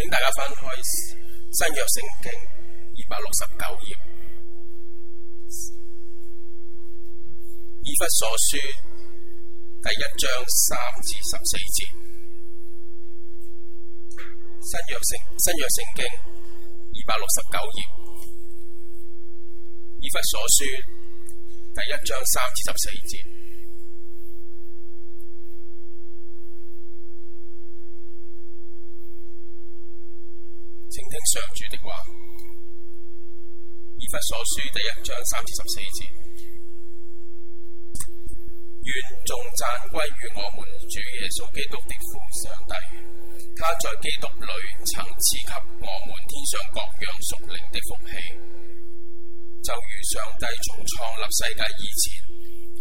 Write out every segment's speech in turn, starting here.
請大家翻開新約聖經二百六十九頁，以弗所書第一章三至十四節。新約聖新約聖經二百六十九頁，以弗所書第一章三至十四節。請聽上主的話，以弗所書第一章三至十四節，願眾讚歸於我們主耶穌基督的父上帝。他在基督裏曾賜給我們天上各樣屬靈的福氣，就如上帝從創立世界以前，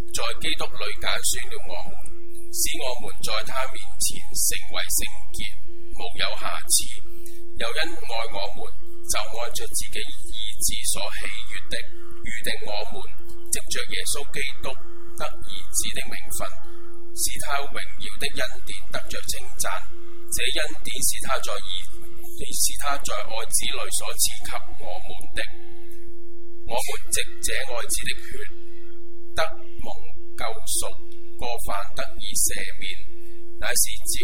在基督裏揀選了我們，使我們在他面前成為聖潔，無有瑕疵。又因愛我們，就按着自己意旨所喜悅的預定我們，藉着耶穌基督得兒子的名分，是他榮耀的恩典得着稱讚。這恩典是他在以是他在愛子內所賜給我們的。 我們藉這愛子的血得蒙救贖，過犯得以赦免，乃是照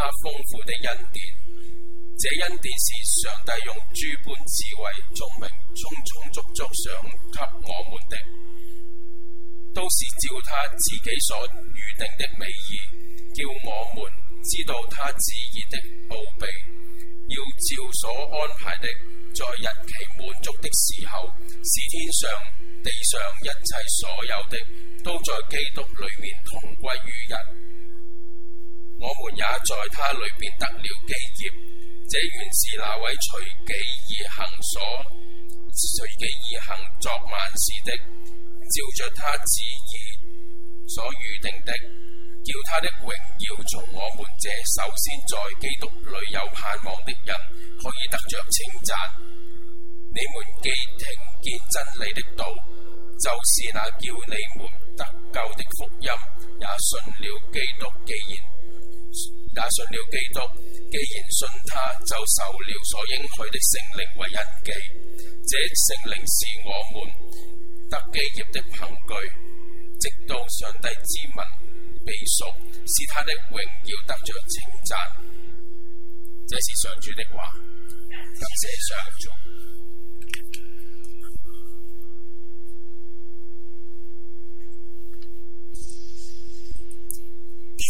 他豐富的恩典。這恩典是上帝用諸般智慧、聰明、充充足足賞給我們的，都是照他自己所預定的美意，叫我們知道他旨意的奧祕，要照所安排的，在日期滿足的時候，使天上、地上一切所有的，都在基督裏面同歸於一。我們也在他裏面得了基業。這原是那位隨己而行所隨己而行，作萬事的，照着他旨意所預定的，叫他的榮耀從我們這首先在基督裏有盼望的人可以得着稱讚。你們既聽見真理的道，就是那叫你們得救的福音，也信了基督既，既然也信了基督，既然信他，就受了所應許的聖靈為印記。這聖靈是我們得基業的憑據，直到上帝之民被贖，使他的榮耀得着稱讚。這是上主的話，感謝上主。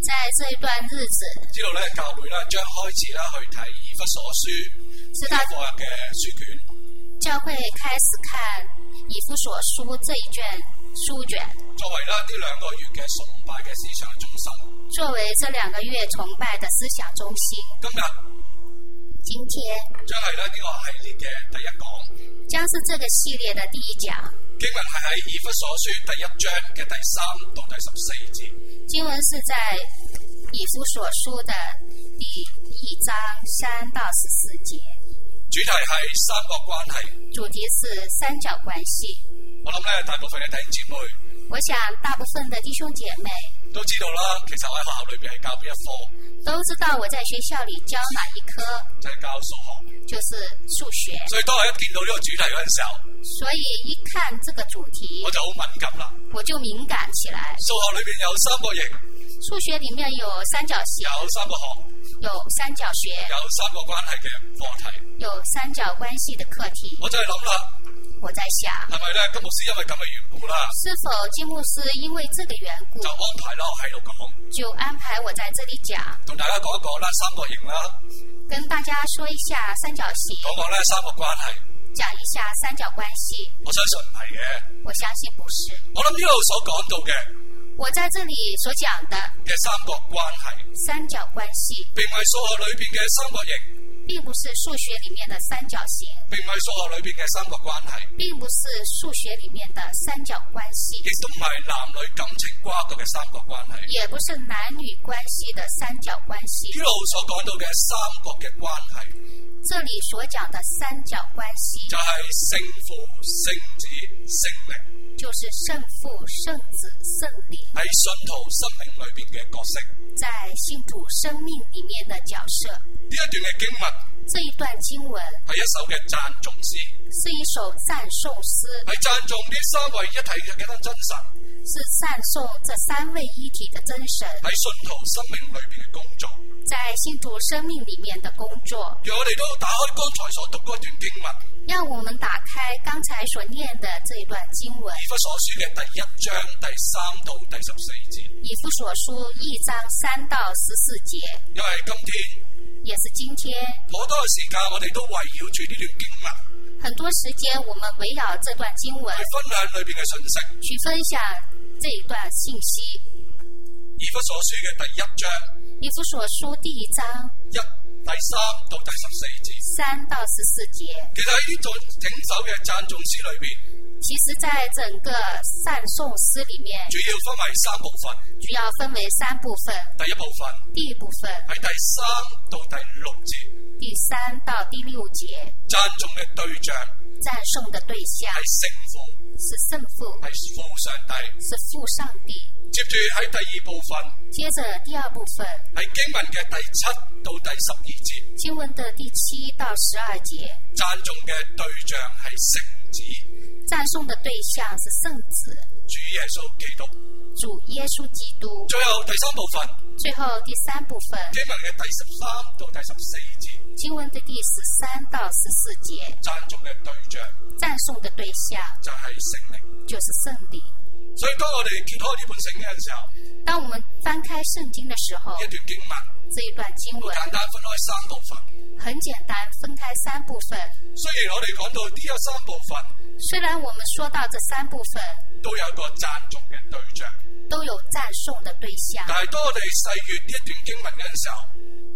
在這一段日子，之後咧，教會咧將開始啦去睇以弗所書，這份嘅書卷。教會開始看以弗所書這一卷書卷，作為啦呢兩個月嘅崇拜嘅思想中心。作為這兩個月崇拜嘅思想中心。咁啊。今天將係咧呢個系列嘅第一講，將是這個系列嘅第一講。經文係喺以弗所書第一章嘅第三到第十四節。經文是在以弗所書嘅第一章三到十四節。主題係三角關係。主題是三角關係。我諗咧，大部分嘅弟兄姐妹。我想大部分的弟兄姐妹都知道啦。其實我喺學校裏邊係教邊一科？都知道我在學校裏教哪一科？在、就是、教數學。就是數學。所以當我一見到呢個主題嗰陣時候，所以一看這個主題，我就好敏感啦。我就敏感起來。數學裏邊有三角形。數學裏面有三角形。有三個角。有三角學。有三個關係嘅課題。有三角關係的課題。我就係諗啦。我在想係咪咧？金牧師因為咁嘅緣故啦。是否金牧師因為這個緣故？就安排咯，喺度講。就安排我在這裏講。同大家講一講啦，三角形啦。跟大家說一下三角形。講講咧，三個關係。講一下三角關係。我相信唔係嘅。我相信不是。我諗呢度所講到嘅。我在這裏所講嘅嘅三角關係。三角關係，並唔係數學裏邊嘅三角形。並不是數學裏面的三角形，並唔係數學裏面嘅三角關係，並不是數學裏面的三角關係，亦都唔係男女感情瓜葛嘅三角關係，也不是男女關係嘅三角關係。呢度所講到嘅三角嘅關係，這裏所講嘅三角關係，就係、是、聖父、聖子、聖靈。就是聖父、聖子、聖靈喺信徒生命裏面嘅角色，在信徒生命裏面的角色。呢一段嘅經文、嗯,這一段經文係一首嘅讚頌詩，是一首讚頌詩，係讚頌呢三位一體嘅幾多真神，是讚頌這三位一體的真神喺信徒生命裏邊嘅工作，在信徒生命裏面的工作。讓我哋都打開剛才所讀嗰段經文，讓我們打開剛才所念的這一段經文。以弗所書嘅第一章第三到第十四節。以弗所書一章三到十四節。因為今天，也是今天，好多時間我哋都圍繞住呢段經文。很多時間我們圍繞這段經文。去分享裏邊嘅信息，去分享這一段信息。以弗所書嘅第一章。以弗所書第一章。一第三到第十四節。三到十四節。其實喺呢種整首嘅讚頌詩裏邊。其實在整個讚頌詩裏面，主要分為三部分。主要分為三部分。第一部分，第一部分喺第三到第六節。第三到第六節，讚頌嘅對象，讚頌嘅對象係聖父，是聖父，係父，父上帝，是父上帝。接住喺第二部分，接着第二部分，喺經文嘅第七到第十二節。經文嘅第七到十二節，讚頌嘅對象係聖。讚頌的對象是聖子。主耶穌基督。主耶穌基督。最後第三部分。最後第三部分。經文嘅第十三到第十四節。經文的第十三到十四節。讚頌嘅對象。讚頌的對象。就係聖靈。就是聖靈。所以當我哋揭開呢本聖經嘅時候，當我們翻開聖經的時候，一段經文，這一段經文，簡單分開三部分，很簡單分開三部分。雖然我哋講到呢一三部分，雖然我們說到這三部分，都有個讚頌嘅對象，都有讚頌的對象，但係當我哋細閱呢一段經文嘅時候。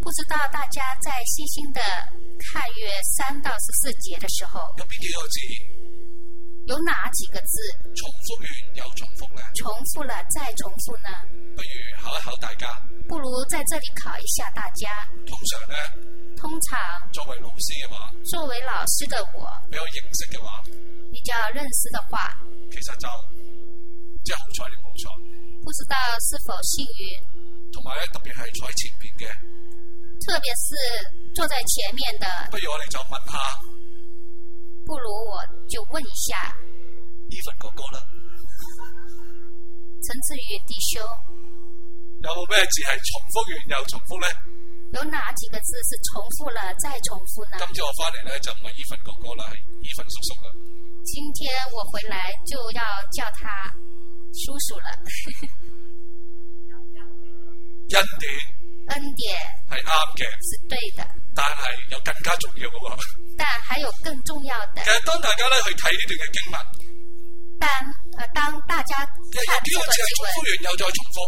不知道大家在細心的看約三到十四節的時候，有邊幾個字？有哪幾個字重複完有重複呢？重複了再重複呢？不如考一考大家。不如在這裡考一下大家。通常呢？通常。作為老師嘅話。作為老師的我。比較認識嘅話。比較認識嘅話。其實就，即係好彩定冇錯，不知道是否幸運？同埋咧，特別係坐喺前邊嘅。特別是坐在前面的。不如我哋就問下，不如我就問一下。義分哥哥了，陳志宇弟兄。有冇咩字係重複完了又重複呢？有哪幾個字是重複了再重複呢？今次我翻嚟就唔係義分哥哥啦，係義分叔叔啦，今天我回來就要叫他叔叔了。 恩典係啱嘅，是對的，但係有更加重要嘅喎、哦。但還有更重要嘅。其實當大家咧去睇呢段嘅經文，但呃當大家，其實有幾個字係重複完又再重複，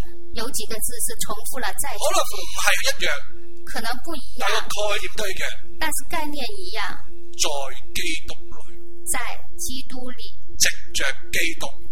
有幾個字是重複了再重複，可能唔係一樣，可能不一樣，但個概念都一樣，但是概念一樣，在基督裏，在基督裏藉着基督。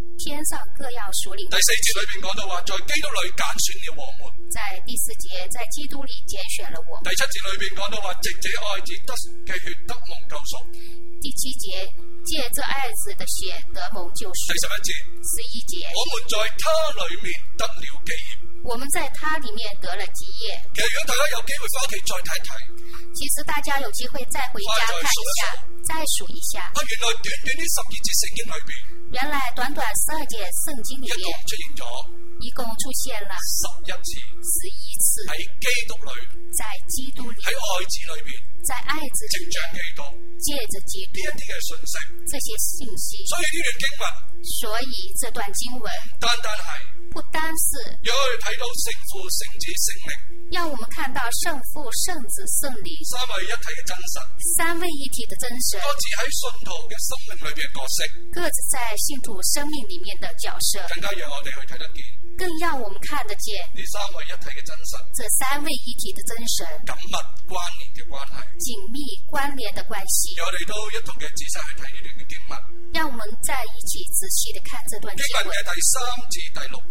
天上各要第四節裏邊講到話，在基督裏揀選了我們。在第四節，在基督裏揀選了我。第七節裏邊講到話，藉這愛子得嘅血得蒙救贖。第七節，借這愛子的血得蒙救贖。第十一節，十一節，我們在他裏面得了基業。我們在他裏面得了基業。其實如果大家有機會翻屋企再睇睇，其實大家有機會再回家再一看一下，再數一下，啊。原來短短呢十二節聖經裏邊，原來短短。聖經裏面一共出現咗十一次喺基督裏，喺愛子裏邊，藉着基督，呢一啲嘅信息，這些信息，所以呢段經文，所以這段經文，單單係，不單是，讓我們可睇到聖父聖子聖靈，讓我們看到聖父聖子聖靈三位一體的真實，三位一體的真實，各自嘅在，在信徒生命裏面的角色，更加讓我們看得見呢三位一體嘅真實，這三位一體的真實緊密關聯的關係，讓我，我們在一起仔細地看這段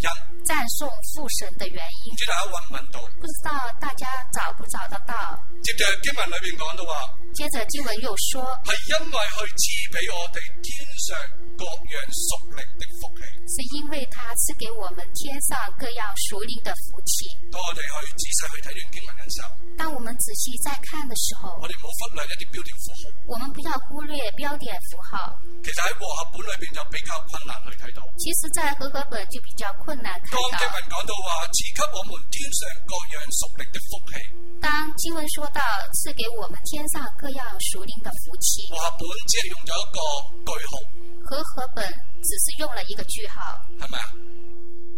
人讚頌父神的原因，唔知大家揾唔揾到，不知道大家找不找得到。接着經文裏面講到啊，接着經文又說，係因為佢賜俾我哋天上各樣屬靈的福氣，是因為他是給我們天上各樣屬靈的福氣。當我哋去仔細去睇完經文嘅時候，當我們仔細再看嘅時候，我哋冇忽略一啲標點符號，我們不要忽略標點符號。其實喺和合本裏邊就比較困難去睇到，其實在和合本就比較。剛說當經文講到話賜給我們天上各樣屬靈的福氣，當經文說到賜給我們天上各樣屬靈的福氣，和合本只係用咗一個句號，和合本只是用了一個句號，係咪啊？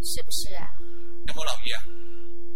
是不是啊？有冇留意啊？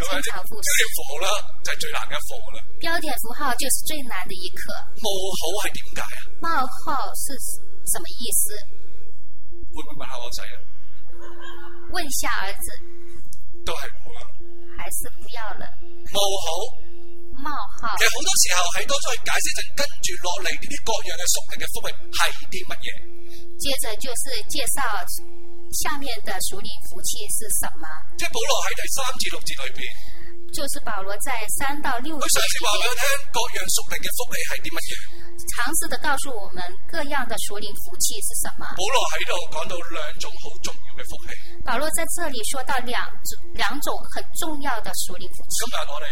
通常，符號啦就係，是就是，最難嘅符號啦。標點符號就是最難嘅一課。冒號係點解啊？冒號是什麼意思？會唔會把它我仔啊？問下兒子。都係唔好。還是不要了。冒號。冒號。其實好多時候係多出去解釋就，跟住落嚟呢啲各樣嘅熟人嘅風味係啲乜嘢？接着就是介紹。下面的屬靈福氣是什麼？即係保羅喺第三至六節裏邊，就是保羅在三到六，佢上次話俾我聽各樣屬靈嘅福氣係啲乜嘢？嘗試地告訴我們各樣嘅屬靈福氣是什麼？保羅喺度講到兩種好重要嘅福氣。保羅在這裏說到兩兩種很重要的屬靈福氣。咁又多咧？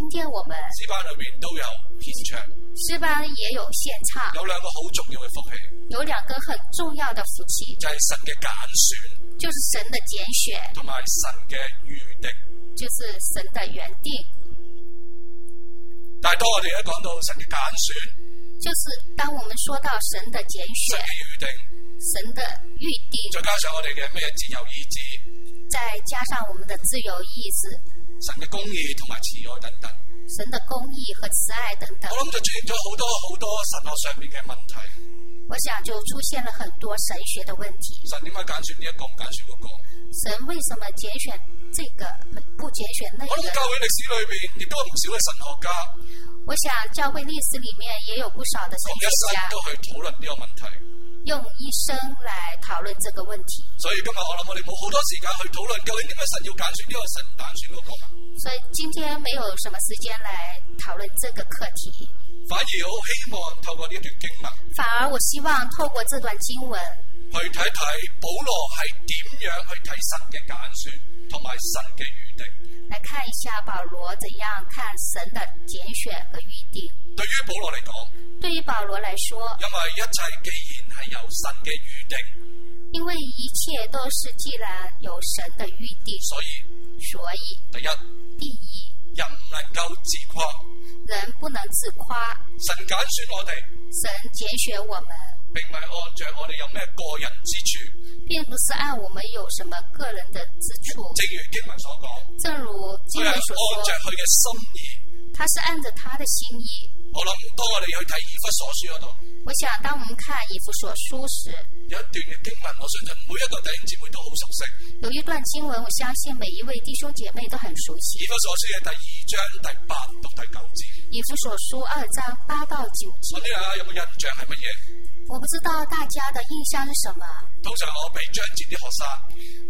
今天我們詩班裏面都有獻唱，詩班也有獻唱，有兩個好重要的福氣，有兩個很重要的福氣，就是神嘅揀選，就是神的揀選，同埋神嘅預定，就是神的原定。但係當我哋一講到神嘅揀選，就是當我們說到神的揀選，神嘅預定，神的預定，再加上我哋嘅咩自由意志，再加上我們的自由意志。神嘅公義同埋慈愛等等。神嘅公義和慈愛等等。我諗就出現咗好多好多神學上面嘅問題。我想就出現了很多神學嘅問題。神點解揀選呢一個，揀選唔揀選？神為什麼揀選這個，不揀選那個？我諗教會歷史裏邊亦都有唔少嘅神學家。我想教會歷史裏面也有不少嘅神學家。我一生都去討論呢個問題。用一生來討論這個問題。所以今日我諗我哋冇好多時間去討論究竟點解神要揀選呢個神揀選嗰個。所以今天沒有什麼時間來討論這個課題。反而我希望透過呢段經文。反而我希望透過這段經文去睇睇保羅係點樣去睇神嘅揀選同埋神嘅預定。來看一下保羅怎樣看神的揀選和預定。對於保羅嚟講。對於保羅來說。因為一切既然係有。有神嘅預定，因為一切都是既然有神的預定，所以，所以第一，第一人唔能夠自誇，人不能自誇。神揀選我哋，神揀選我們，並唔係按照我哋有咩個人之處，並不是按我們有什麼個人的之處。正如經文所講，正如經文所說，佢係按着佢嘅心意，他是按着他的心意。我諗當我哋去睇《以弗所書》嗰度，我想當我們看《以弗所書》時，有一段經文我相信每一個弟兄姐妹都好熟悉。有一段經文我相信每一位弟兄姐妹都很熟悉。《以弗所書》嘅第二章第八到第九節，《以弗所書》二章八到九節。咁呢？啊，有冇印象係乜嘢？我不知道大家的印象是什麼。通常我俾張紙啲學生。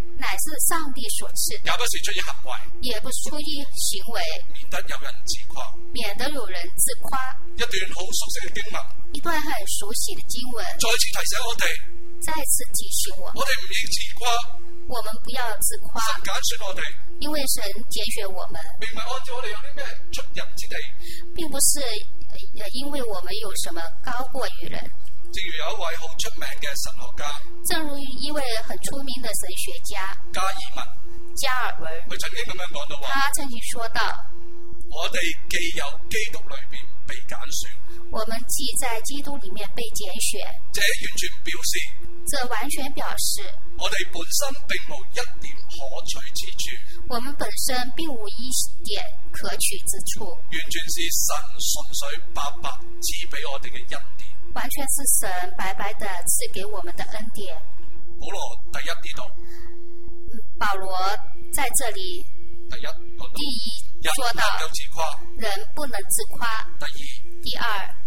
乃是上帝所賜，也不是出於行為，也不出於行為。免得有人自誇，免得有人自誇。一段好熟悉的經文，一段很熟悉的經文。再次提醒我哋，再次提醒我們，我哋唔要自誇。我們不要自誇。揀選我哋，因為神揀選我們，並不是因為我們有什麼高過於人。正如有一位好出名嘅神學家，正如一位很出名嘅神學家加爾文，加爾文，佢曾經咁樣講到話，他曾經說到，我哋既有基督裏邊被揀選，我們既在基督裏面被揀選，這完全表示。這完全表示，我們本身並無一點可取之處。我們本身並無一點可取之處。完全是神純粹白白賜俾我哋嘅恩典。完全是神白白的賜給我們的恩典。保羅第一呢度，保羅在這裏第一，第一說到人不能自誇。第二。第二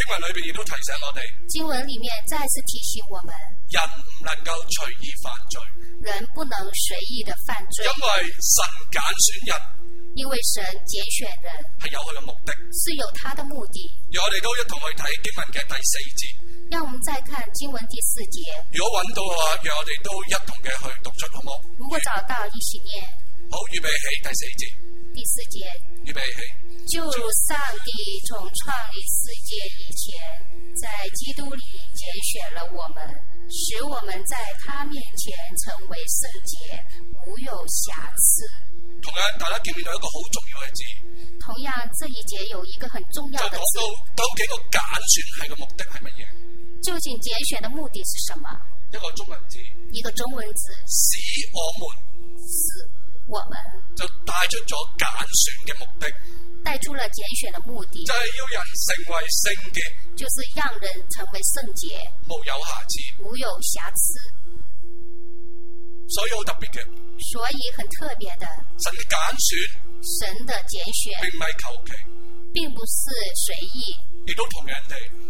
經文裏面亦都提醒我哋，經文裏面再次提醒我們，人唔能夠隨意犯罪，人不能隨意的犯罪，因為神揀選人，因為神揀選人係有佢嘅目的，是有他的目的，讓我哋都一同去睇經文嘅第四節，讓我們再看經文第四節，如果揾到嘅話，讓我哋都一同嘅去讀出，好唔好？如果找到一起念，好，預備起第四節。第四節預備起，就上帝從創立世界以前，在基督裏揀選了我們，使我們在他面前成為聖潔，無有瑕疵。同樣，大家見唔見到一個好重要的字。同樣，這一節有一個很重要的字。就是、講到到幾個揀選係個目的係乜嘢？究竟揀選嘅目的是什麼？一個中文字。一個中文字。使我們使。我們就帶出咗揀選嘅目的，帶出了揀選的目的，就係、是、要人成為聖嘅，就是讓人成為聖潔，無有瑕疵，無有瑕疵，所以好特別嘅，所以很特別的，神嘅揀選，神的揀選，並唔係求其，並唔係隨意，亦都同人哋。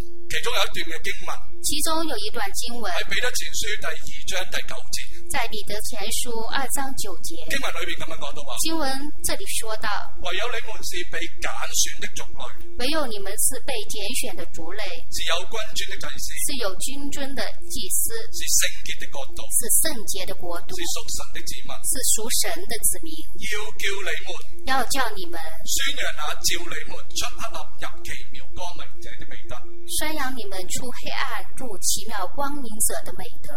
其中有一段嘅經文，其中有一段經文喺彼得前書第二章第九節，在彼得前書二章九節經文裏邊咁樣講到，經文這裏說到，唯有你們是被揀選的族類，唯有你們是被揀選的族類，是有君尊的祭司，是有君尊的祭司，是聖潔的國度，是聖潔的國度，是屬神的子民，是屬神的子民，要叫你們，要叫你們宣揚一下，召你們出黑暗，入奇妙光明者的美德。宣揚你們出黑暗入奇妙光明者的美德。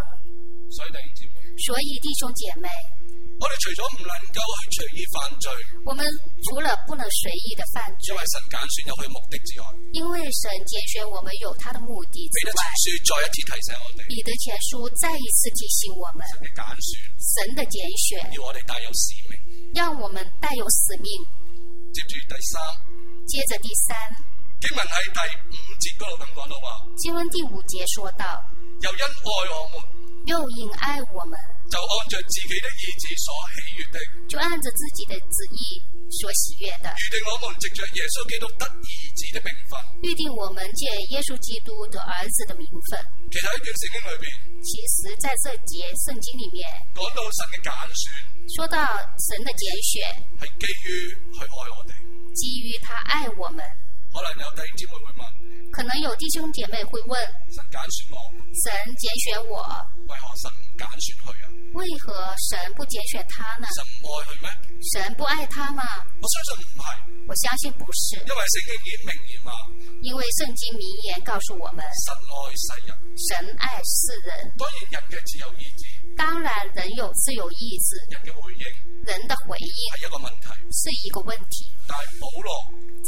所以弟兄姐妹，姐妹，我哋除咗唔能夠去隨意犯罪，我們除了不能隨意的犯罪，因為神揀選有佢目的之外，因為神揀選我們有他的目的之外，彼得前書再一次提醒我哋，彼得前書再一次提醒我們，彼得前書再一次提醒我們神的揀選，選，要我哋帶有使命，讓我們帶有使命，接住第三，接着第三。經文喺第五節嗰度咁講到話。經文第五節說到。又因愛我們。又因愛我們。就按照自己的意志所喜悅的。就按照自己的旨意所喜悅的。預定我們藉着耶穌基督得兒子的名分。預定我們借耶穌基督得兒子的名分。其實喺段聖經裏邊。其實，在這節聖經裏面。講到神嘅揀選。說到神的揀選。係基於佢愛我哋。基於他愛我們。可能有弟兄姐妹會問，神揀選我，神揀選我，為何神唔揀選佢啊？為何神不揀選他呢？神唔愛佢咩？神不愛他嘛？我相信唔係，我相信不是，因為聖經明言嘛、啊，因為聖經名言告訴我們，神愛世人，神愛世人，當然人嘅自由意志，當然人有自由意志，人嘅回應，人的回應係一個問題，是一個問題，但保羅，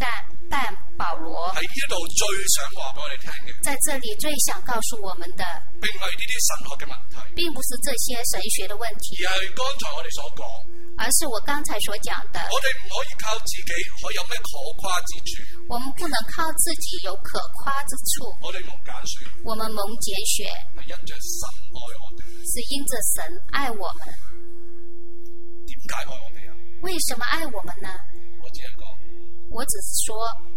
但但。保羅喺呢度最想話俾我哋聽嘅，在這裏最想告訴我們的，並唔係呢啲神學嘅問題，並不是這些神學的問題，而係剛才我哋所講，而是我剛才所講的。我哋唔可以靠自己，可以有咩可誇之處？我們不能靠自己有可誇之處。我哋蒙揀選，我哋蒙揀選，係因着神愛我哋，是因着神愛我哋。點解愛我哋啊？為什麼愛我們呢？我只係講，我只是說。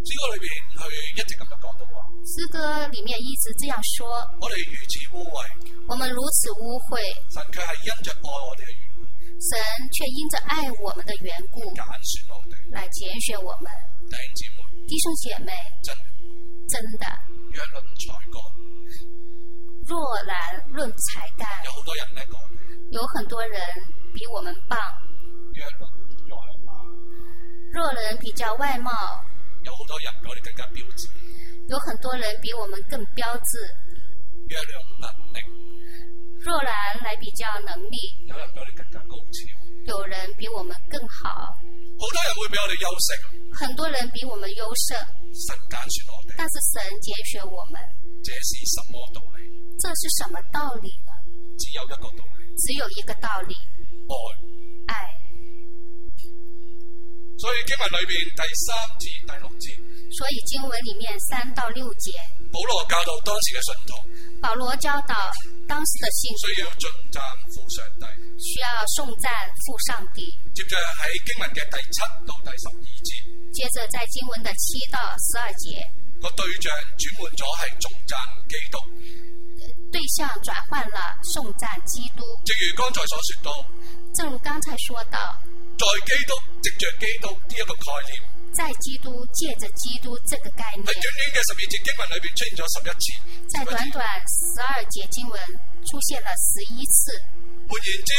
詩歌裏邊佢一直咁樣講到喎。詩歌裏面一直這樣說。我哋如此污穢。我們如此污穢。神卻係因着愛我哋。神卻因着愛我們的緣故。揀選我哋。來揀選我們弟。弟兄姐妹。真。真的。若，才若論才幹。有好多人叻講。有很多人比我們棒。若人比較外貌。有好多人比我哋更加標緻，有很多人比我們更標誌。若然來比較能力。有人比我們更高超，有人比我們更好。好多人會比我哋優勝。很多人比我們優勝。神揀選我們，但是神揀選我們。這是什麼道理？這是什麼道理呢？只有一個道理。只有一個道理。哎所以經文裏面第三至第六節。所以經文裏面三到六節。保羅教導當時嘅信徒。保羅教導當時嘅信徒。需要進贊父上帝。需要頌讚父上帝。接着喺經文嘅第七到第十二節。接着在經文嘅七到十二節。個對象轉換咗係頌讚基督對。對象轉換了頌讚基督。正如剛才所說到。正如剛才說到。在基督藉着基督呢一個概念，在基督借着基督這個概念，喺短短嘅十二節經文裏邊出現咗十一次，在短短十二節經文出現了十一次。換言之，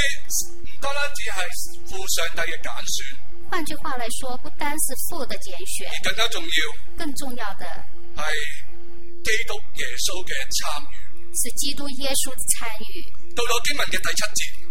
唔單單只係父上帝嘅揀選。換句話嚟說，不單是父嘅揀選，而更加重要，更重要嘅係基督耶穌嘅參與，是基督耶穌嘅參與。到咗經文嘅第七節。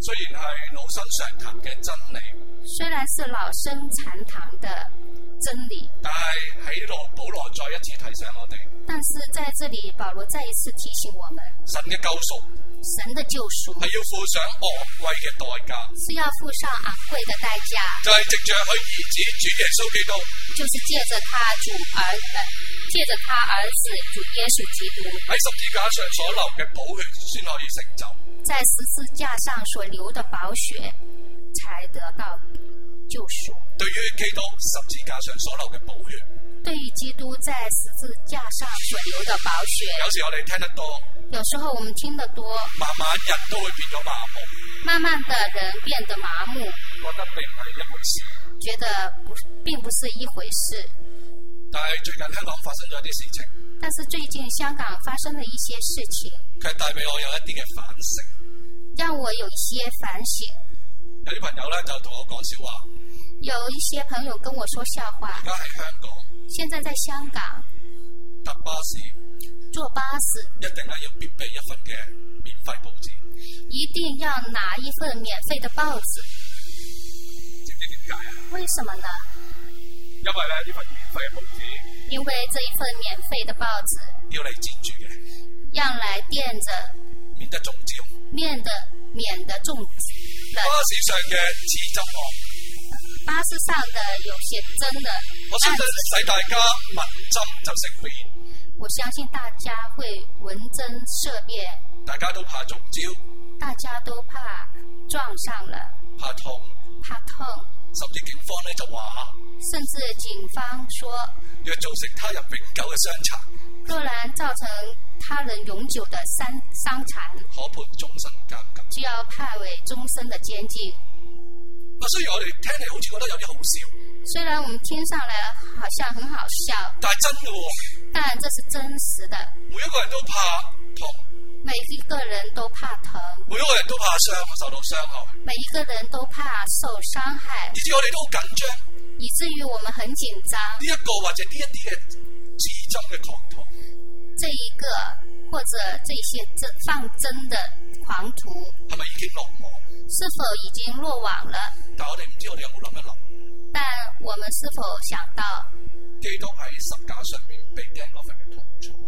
雖然係老生常談嘅真理，雖然是老生常談嘅真理，但係喺度保羅再一次提醒我哋。但是在這裏，保羅再一次提醒我們，神嘅救贖，神嘅救贖係要付上昂貴嘅代價，是要付上昂貴嘅代價。就係藉着佢兒子主耶穌基督，就是借着他主兒，借着他兒子主耶穌基督喺十字架上所流嘅寶血，先可以成就，在十字架上所流嘅寶血才得到。就說對於基督十字架上所流嘅寶血，對於基督在十字架上所流的寶血，有時我哋聽得多，有時候我們聽得多，慢慢人都會變咗麻木，慢慢的人變得麻木，覺得並非一回事，覺得不並不是一回事。但係最近香港發生咗一啲事情，但是最近香港發生咗一些事情，佢帶畀我有一啲嘅反省，讓我有一些反省。有啲朋友咧就同我講笑話。有一些朋友跟我說笑話。而家喺香港。現在在香港。搭巴士。坐巴士。一定係要必備一份嘅免費報紙。一定要拿一份免費嘅報紙。咁點解啊？為什麼呢？因為咧呢份免費嘅報紙。因為這一份免費嘅報紙。要嚟墊住嘅。讓嚟墊着。免得中招，免得免得中招。巴士上嘅刺針哦！巴士上的有些真的，我相信使大家聞針就色變。我相信大家會聞針色變。大家都怕中招。大家都怕撞上了。怕痛。怕痛。甚至警方咧就話，甚至警方說，若造，造成他人永久嘅傷殘，若然造成他人永久嘅傷傷殘，可判終身監禁，就要判為終身嘅監禁。不過雖然我哋聽嚟好似覺得有啲好笑，雖然我們聽上嚟好像很好笑，但真嘅喎、哦，但這是真實嘅，每一個人都怕。每一個人都怕疼，每一個人都怕傷，受到傷哦。每一個人都怕受傷害，以致我哋都好緊張，以至於我們很緊張。呢一個或者呢一啲嘅嘅狂徒，這一個或者這些放、這個、真，真的狂徒，係咪已經落網？是否已經落網了？但我哋唔知我哋有冇諗到？但我們是否想到？基督喺十架上面被釘嗰份痛楚。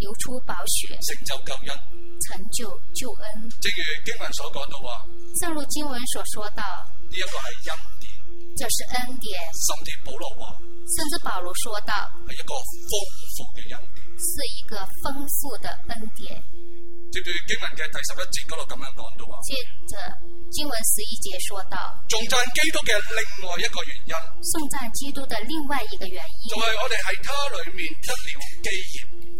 流出寶血，成就救恩。正如經文所講到啊，正如經文所說到，呢、這、一個係恩典，這、就是恩典。甚至保羅話，甚至保羅說到，係一個豐富嘅恩典，是一個豐富嘅恩典。正如接着經文嘅第十一節嗰度咁樣講到啊，接着經文十一節說到，頌讚基督嘅另外一個原因，頌讚基督嘅另外一個原因，就係我哋喺他裏面得了基業。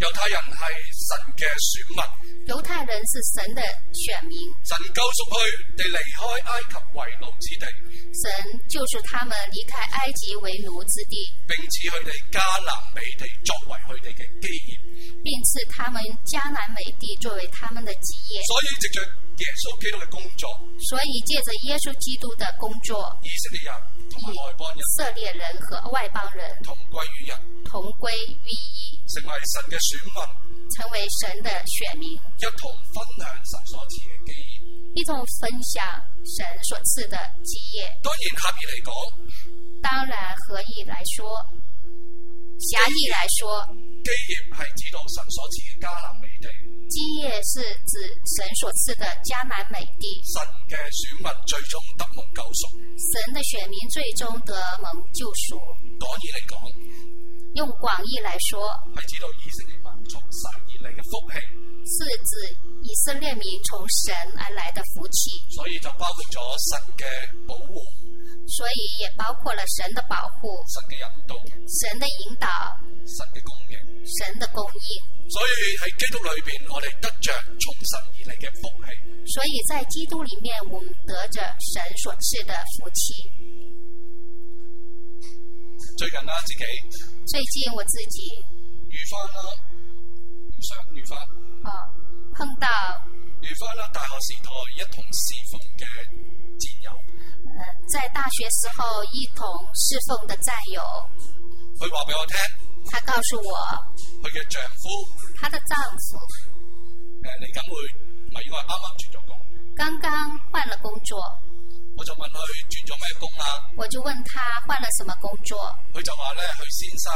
猶太人係神嘅選民。猶太人是神嘅選、選民。神救贖佢哋離開埃及為奴之地。神救贖他們離開埃及為奴之地。並賜佢哋迦南美地作為佢哋嘅基業。並賜他們迦南美地作為他們嘅基業。所以藉着耶穌基督嘅工作。所以借着耶穌基督嘅工作。以色列人同外邦人。以色列人和外邦人同歸於一。同歸於一。成為神嘅。成為神的選民，一同分享神所賜的基業。一同分享神所賜的基業。當然，狹義嚟講，當然狹義來說，狹義來說，基業係指到神所賜的迦南美地。基業是指神所賜的迦南美地。神嘅選民最終得蒙救贖神。神的選民最終得蒙救贖。當然嚟講。用廣義來說，係知道以色列民從神而嚟嘅福氣，是指以色列民從神而來嘅福，福氣，所以就包括咗神嘅保護，所以也包括了神嘅保護，神嘅引導，神嘅引導，神嘅供應，神嘅供應，所以喺基督裏邊，我哋得着從神而嚟嘅福氣，所以在基督裏面，我哋得着神所賜嘅福氣。最近啦、啊，自己最近我自己遇翻啦，遇上遇翻。啊，碰到遇翻啦！大學時代一同侍奉嘅戰友。嗯、呃，在大學時候一同侍奉嘅戰友，佢話俾我聽。佢告訴我，佢嘅丈夫，他的丈夫，誒、呃，你咁會唔係因為啱啱轉咗工？剛剛換了工作。剛剛我就問佢轉咗咩工啦？我就問他換了什麼工作？佢就話咧，佢先生。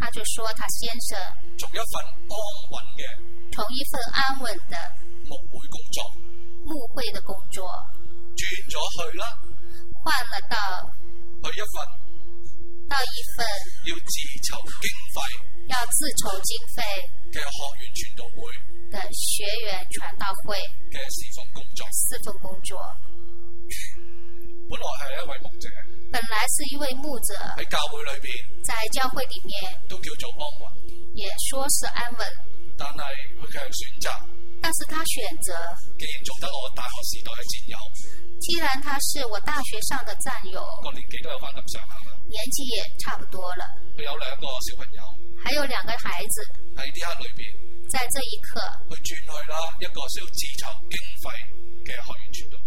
他就說他先生。做一份安穩嘅。做一份安穩嘅牧會工作。牧會嘅工作。轉咗去啦。換了到。去一份。到一份。要自籌經費。要自籌經費。嘅學園傳道會。嘅學園傳道會。嘅事奉工作。事奉工作。本來係一位牧者，本來是一位牧者，喺教會裏邊，在教會裏面，會裏面都叫做安穩，也說是安穩。但係佢却選擇，但是他選擇，既然做得我大學時代嘅戰友，既然他是我大學上嘅戰友，個年紀都有翻咁上下，年紀也差不多了。佢有兩個小朋友，還有兩個孩子。喺呢刻裏邊，在這一刻，去轉去啦，一個需要自籌經費嘅學院傳統會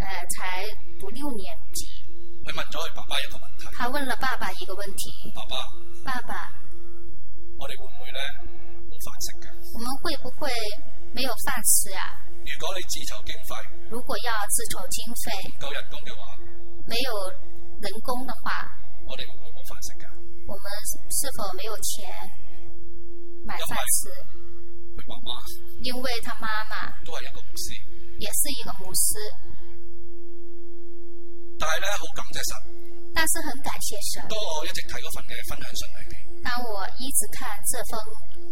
呃、才讀六年級。佢問咗佢爸爸一個問題。他問了爸爸一個問題。爸爸。爸爸，我哋會唔會咧冇飯食嘅？我們會不會沒有飯食啊？如果你自籌經費。如果要自籌經費。夠人工嘅話。沒有人工的話。我哋會唔會冇飯食噶？我們是否沒有錢買飯食？因為佢因為他媽媽。都係一個牧師。也是一個牧師。但係咧，好感謝神。但是，很感謝神。當我一直睇嗰份嘅分享信裏邊，當我一直看這封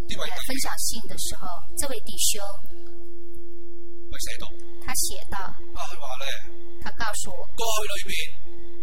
這分享信嘅時候，這位弟兄佢寫到，他寫到，他話咧，他告訴我過去裏邊。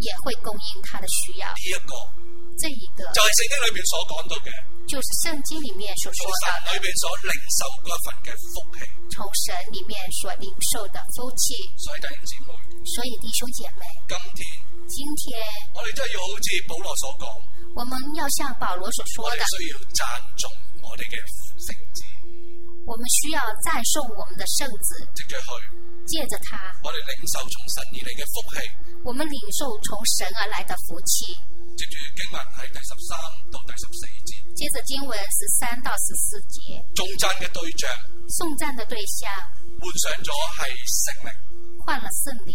也會供應他的需要。呢、這、一個，這一個就係聖經裏面所講到嘅，就是聖經裏面所說嘅，就是、裏面所領受一份嘅福氣，從神裏面所領受的福氣。所以弟兄姊妹，所以弟兄姐妹，今天，今天我哋真係要好似保羅所講，我們要像保羅所說嘅，我哋需要讚頌我哋嘅聖子。我們需要讚頌我們的聖子，接着去借着他，我哋領受從神而嚟嘅福氣。我們領受從神而來嘅福氣。接住經文係第十三到第十四節。接着經文十三到十四節。頌讚嘅對象，頌讚嘅對象，換上咗係聖名，換了聖名。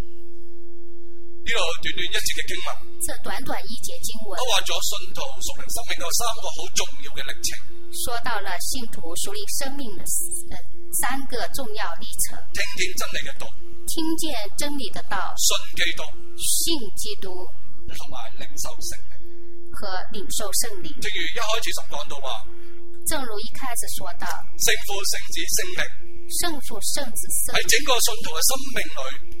呢度短短，短短一節嘅經文，都話咗信徒屬靈生命嘅三個好重要嘅歷程。說到了信徒屬靈生命嘅三個重要歷程，聽見真理嘅道，聽見真理嘅道，信基督，信基督，同埋領受聖靈，和領受聖靈。正如一開始所講到話，正如一開始說到聖父、聖子、聖靈，聖父、聖子、聖靈，喺整個信徒嘅生命裏。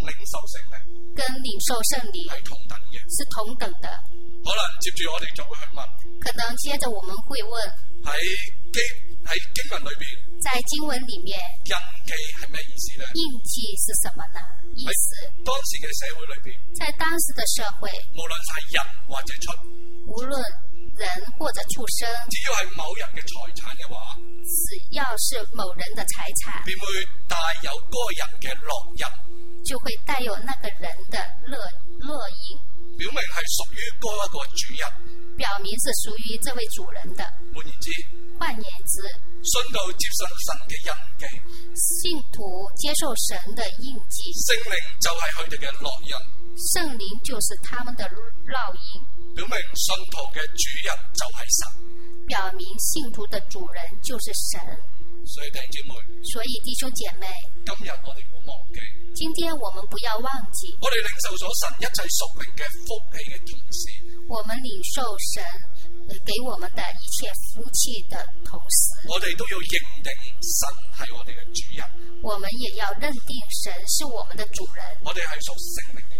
領跟領受聖靈係同等嘅，是同等的。可能接住我哋就會去問，可能接着我們會問喺經喺經文裏邊，在經文裏面印記係咩意思咧？印記是什麼呢？意思當時嘅社會裏邊，在當時的社會，無論係人或者出，無論人或者畜生，只要係某人嘅財產嘅話，只要是某人的財產，便會帶有嗰人嘅烙印。就會帶有那個人的烙烙印。表明係屬於嗰一個主人。表明是屬於這位主人的。換言之，換言之，信徒接受神嘅印記。信徒接受神的印記。聖靈就係佢哋嘅烙印。聖靈就是他們的烙印。表明信徒嘅主人就係神。表明信徒的主人就是神。所以弟兄姐妹，所以弟兄姐妹，今日我哋唔好忘記，今天我們不要忘記，我哋領受咗神一切屬靈嘅福氣嘅同時，我們領受神給我們的一切福氣的同時，我哋都要認定神係我哋嘅主人，我們也要認定神是我們的主人，我哋係屬聖靈嘅。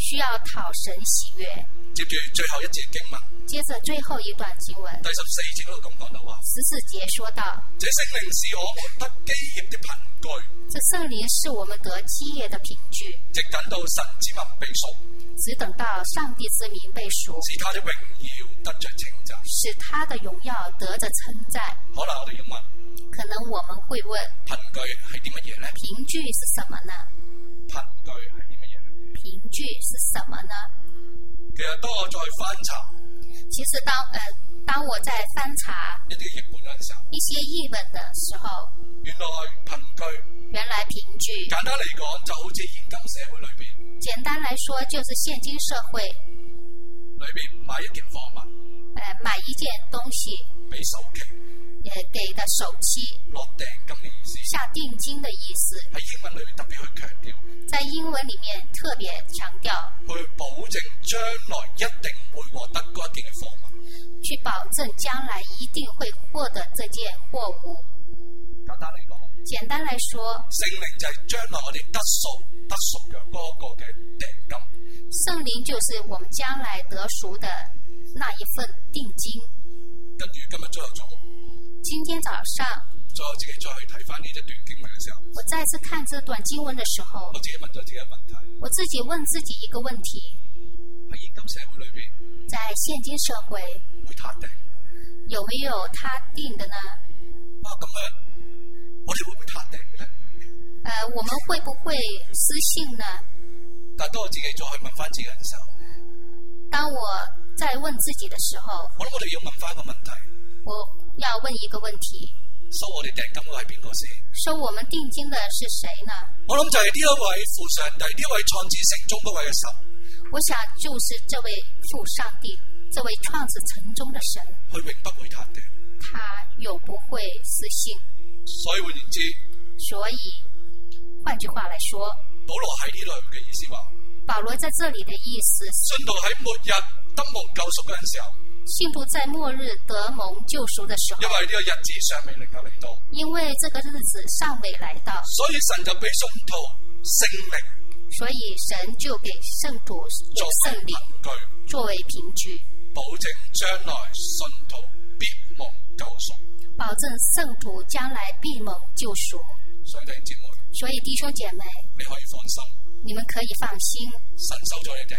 需要討神喜悦。接住最後一節經文。接着最後一段經文。第十四節嗰個講法嘅話。十四節說道：「這聖靈是我,我,得這是我們得基業的憑據。這聖靈是我們得基業的憑據。直等到神之民被贖。只等到上帝之民被贖。使他的榮耀得着稱讚。使他的榮耀得着稱讚。可能我哋要問。可能我們會問。憑據係啲乜嘢咧？憑據是什麼呢？憑據係啲乜嘢？憑據是什麼呢？其實當我再翻查，其實當誒，當我在翻查一些譯文的時候，原來憑據，原來憑據，簡單嚟講就好似現今社會裏邊，簡單嚟說就是現今社會裏邊買一件貨物，誒、呃，買一件東西俾首期。誒，給的首期落定嘅意思，下定金嘅意思喺英文裏特別去強調，在英文裏面特別強調去保證將來一定會獲得一定嘅貨物，去保證將來一定會獲得這件貨物。簡單嚟講，簡單來說，聖靈就係將來我哋得贖得贖嘅嗰個嘅定金。聖靈就是我們將來得贖的那一份定金。今天早上，再我自己再去睇翻呢一段經文嘅時候，我再次看這段經文嘅時候，我自己問咗自、自、自己一個問題。喺現今社會裏邊，在現今社會，會攤定，有沒有攤定的呢？咁樣啊？我哋會唔會攤定咧？誒，我們會唔會、呃、會、會私信呢？但當我自己再去問翻自己嘅時候，當我再問自己嘅時候，我諗我哋要問翻一個問題。我要問一個問題：收、so so、我哋訂金嘅係邊個先？收我們定金的是誰呢？我諗就係呢一位父上帝，呢位創始成終嗰位嘅神。我想就是這位父上帝，這位創始成終嘅神。佢永不回撻訂。他又不會失信。所以換言之，所以，所以，所以換句話來說，保羅喺呢度嘅意思話，保羅在這裡的意思，信徒喺末日得蒙救贖嘅時候。信徒在末日得蒙救贖的時候，因為呢個日子尚未能夠嚟到。因為這個日子尚未來到，所以神就俾信徒聖靈。所以神就俾聖徒做聖靈，作為憑據，保證將來信徒必蒙救贖。保證聖徒將來必蒙救贖所。所以弟兄姐妹，你可以放心。你們可以放心。神收咗你哋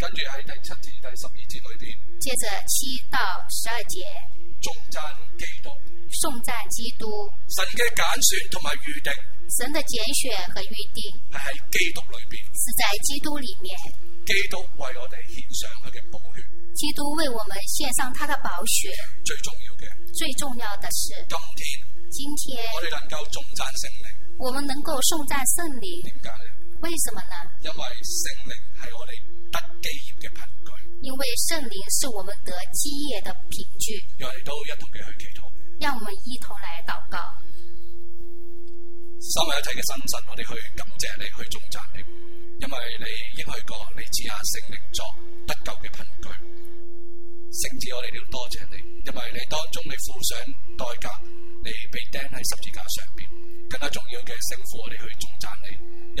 跟住喺第七至第十二節裏邊。接着七到十二節。頌讚基督。頌讚基督。神嘅揀選同埋預定。神的揀選和預定。係喺基督裏邊。是在基督裏面。基督為我哋獻上佢嘅寶血。基督為我們獻上他的寶血。最重要嘅。最重要的是。今天。今天。我哋能夠頌讚聖靈。我們能夠頌讚聖靈。點解呢？為什麼呢？因為聖靈係我哋。基業嘅憑據，因為聖靈是我們得基業嘅憑據。因為都一同嘅去祈禱，讓我們一同嚟禱告。三位一體嘅神神，我哋去感謝你，去頌讚你，因為你應許過，你賜下聖靈作得救嘅憑據。聖子我哋都要多謝你，因為你當中你付上代價，你被釘喺十字架上邊，更加重要嘅聖父，我哋去頌讚你，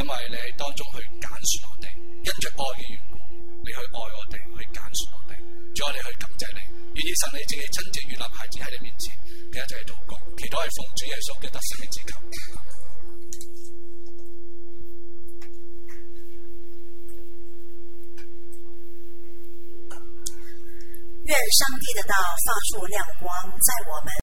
因為你當中去揀選我哋，因着愛嘅緣故。你去愛我哋，去揀選我哋，叫我哋去感謝你。願神你淨係親自與立孩子喺你面前，佢一齊禱告，其他係奉主耶穌嘅特殊嘅命做。願上帝嘅道發出亮光，在我們。